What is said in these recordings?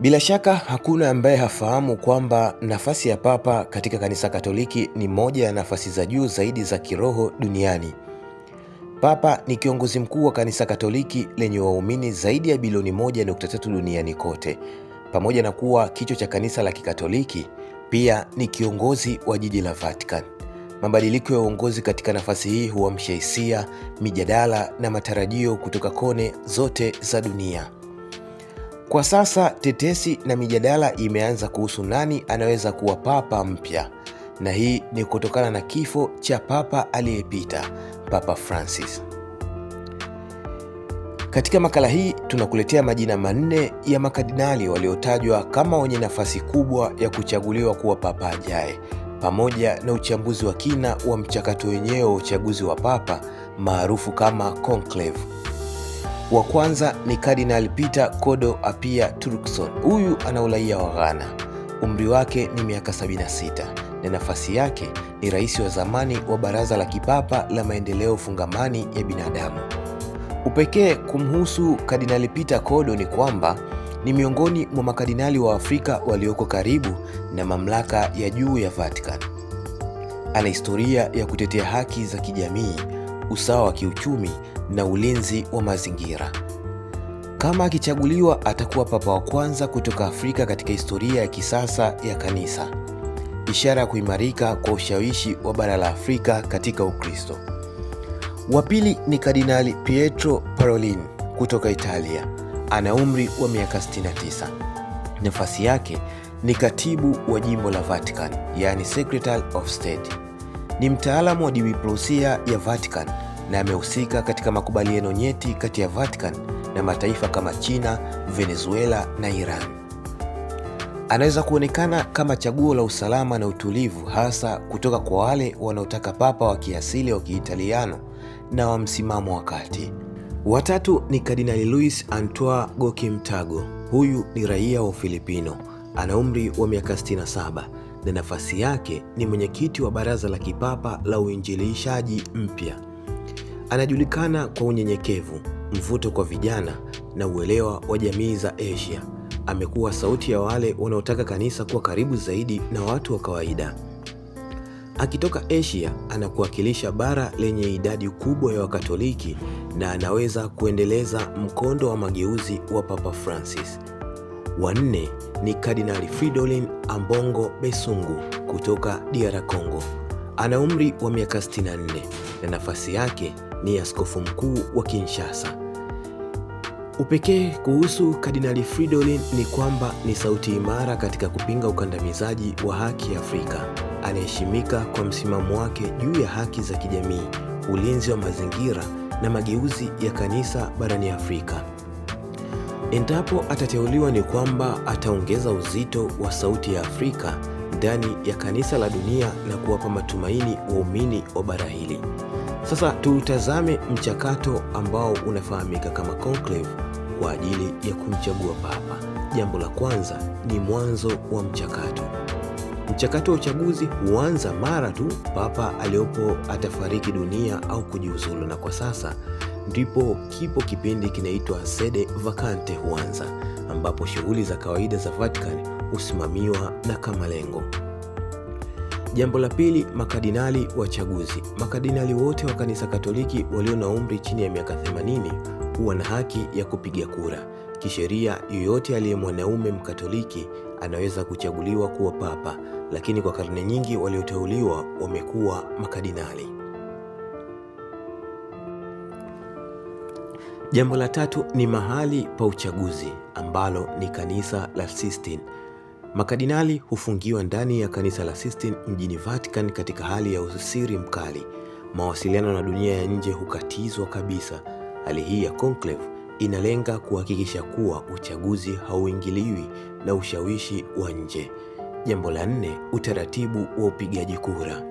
Bila shaka hakuna ambaye hafahamu kwamba nafasi ya Papa katika Kanisa Katoliki ni moja ya nafasi za juu zaidi za kiroho duniani. Papa ni kiongozi mkuu wa Kanisa Katoliki lenye waumini zaidi ya bilioni 1.3 duniani kote. Pamoja na kuwa kichwa cha kanisa la Kikatoliki, pia ni kiongozi wa jiji la Vatican. Mabadiliko ya uongozi katika nafasi hii huamsha hisia, mijadala na matarajio kutoka kone zote za dunia. Kwa sasa tetesi na mijadala imeanza kuhusu nani anaweza kuwa papa mpya, na hii ni kutokana na kifo cha papa aliyepita, Papa Francis. Katika makala hii tunakuletea majina manne ya makardinali waliotajwa kama wenye nafasi kubwa ya kuchaguliwa kuwa papa ajaye, pamoja na uchambuzi wa kina wa mchakato wenyewe wa uchaguzi wa papa maarufu kama conclave. Wa kwanza ni Kardinal Peter Kodo Apia Turkson. Huyu ana uraia wa Ghana, umri wake ni miaka 76 na nafasi yake ni rais wa zamani wa Baraza la Kipapa la Maendeleo Fungamani ya Binadamu. Upekee kumhusu Kardinali Peter Kodo ni kwamba ni miongoni mwa makardinali wa Afrika walioko karibu na mamlaka ya juu ya Vatican. Ana historia ya kutetea haki za kijamii, usawa wa kiuchumi na ulinzi wa mazingira. Kama akichaguliwa, atakuwa papa wa kwanza kutoka Afrika katika historia ya kisasa ya kanisa, ishara ya kuimarika kwa ushawishi wa bara la Afrika katika Ukristo. Wa pili ni Kardinali Pietro Parolin kutoka Italia, ana umri wa miaka 69. Nafasi yake ni katibu wa jimbo la Vatican, yani Secretary of State. Ni mtaalamu wa diplomasia ya Vatican na amehusika katika makubaliano nyeti kati ya Vatican na mataifa kama China, Venezuela na Iran. Anaweza kuonekana kama chaguo la usalama na utulivu hasa kutoka kwa wale wanaotaka papa wa kiasili wa Kiitaliano na wa msimamo wa kati. Watatu ni Kardinali Luis Antoine Gokimtago. Huyu ni raia wa Ufilipino, ana umri wa miaka 67 na nafasi yake ni mwenyekiti wa Baraza la Kipapa la Uinjilishaji Mpya. Anajulikana kwa unyenyekevu, mvuto kwa vijana na uelewa wa jamii za Asia. Amekuwa sauti ya wale wanaotaka kanisa kuwa karibu zaidi na watu wa kawaida. Akitoka Asia, anakuwakilisha bara lenye idadi kubwa ya Wakatoliki na anaweza kuendeleza mkondo wa mageuzi wa Papa Francis. Wanne ni Kardinali Fridolin Ambongo Besungu kutoka DR Congo. Ana umri wa miaka 64 na nafasi yake ni askofu mkuu wa Kinshasa. Upekee kuhusu Kardinali Fridolin ni kwamba ni sauti imara katika kupinga ukandamizaji wa haki Afrika. Anaheshimika kwa msimamo wake juu ya haki za kijamii, ulinzi wa mazingira na mageuzi ya kanisa barani Afrika. Endapo atateuliwa, ni kwamba ataongeza uzito wa sauti ya Afrika ndani ya kanisa la dunia na kuwapa matumaini waumini wa bara hili. Sasa tuutazame mchakato ambao unafahamika kama conclave kwa ajili ya kumchagua papa. Jambo la kwanza ni mwanzo wa mchakato. Mchakato wa uchaguzi huanza mara tu papa aliyopo atafariki dunia au kujiuzulu, na kwa sasa ndipo kipo kipindi kinaitwa sede vacante huanza, ambapo shughuli za kawaida za Vatican husimamiwa na kama lengo Jambo la pili, makadinali wachaguzi. makadinali wote wa kanisa Katoliki walio na umri chini ya miaka 80 huwa na haki ya kupiga kura. Kisheria, yoyote aliye mwanaume Mkatoliki anaweza kuchaguliwa kuwa papa, lakini kwa karne nyingi walioteuliwa wamekuwa makadinali Jambo la tatu ni mahali pa uchaguzi ambalo ni kanisa la Sistine. makadinali hufungiwa ndani ya kanisa la Sistine mjini Vatican katika hali ya usiri mkali. Mawasiliano na dunia ya nje hukatizwa kabisa. Hali hii ya conclave inalenga kuhakikisha kuwa uchaguzi hauingiliwi na ushawishi wa nje. Jambo la nne, utaratibu wa upigaji kura.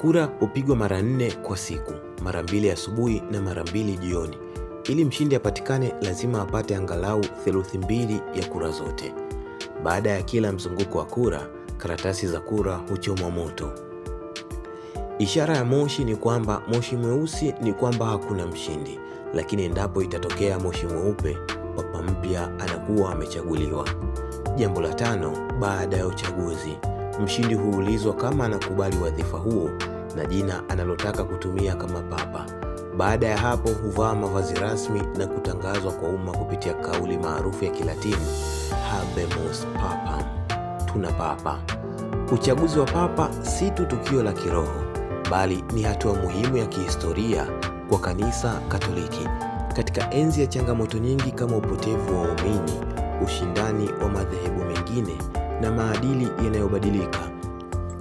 Kura hupigwa mara nne kwa siku, mara mbili asubuhi na mara mbili jioni. Ili mshindi apatikane, lazima apate angalau theluthi mbili ya kura zote. Baada ya kila mzunguko wa kura, karatasi za kura huchomwa moto. Ishara ya moshi ni kwamba moshi mweusi ni kwamba hakuna mshindi lakini endapo itatokea moshi mweupe, papa mpya anakuwa amechaguliwa. Jambo la tano, baada ya uchaguzi, mshindi huulizwa kama anakubali wadhifa huo na jina analotaka kutumia kama papa. Baada ya hapo huvaa mavazi rasmi na kutangazwa kwa umma kupitia kauli maarufu ya Kilatini Habemus Papam, tuna papa. Uchaguzi wa papa si tu tukio la kiroho, bali ni hatua muhimu ya kihistoria kwa Kanisa Katoliki katika enzi ya changamoto nyingi kama upotevu wa waumini, ushindani wa madhehebu mengine na maadili yanayobadilika.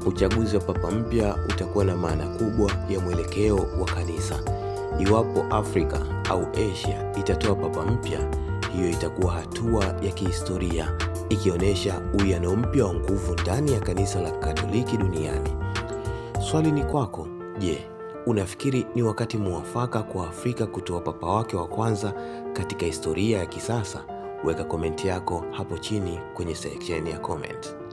Uchaguzi wa papa mpya utakuwa na maana kubwa ya mwelekeo wa kanisa. Iwapo Afrika au Asia itatoa papa mpya, hiyo itakuwa hatua ya kihistoria ikionyesha uwiano mpya wa nguvu ndani ya kanisa la Katoliki duniani. Swali ni kwako, je, Unafikiri ni wakati muwafaka kwa Afrika kutoa papa wake wa kwanza katika historia ya kisasa? Weka komenti yako hapo chini kwenye section ya komenti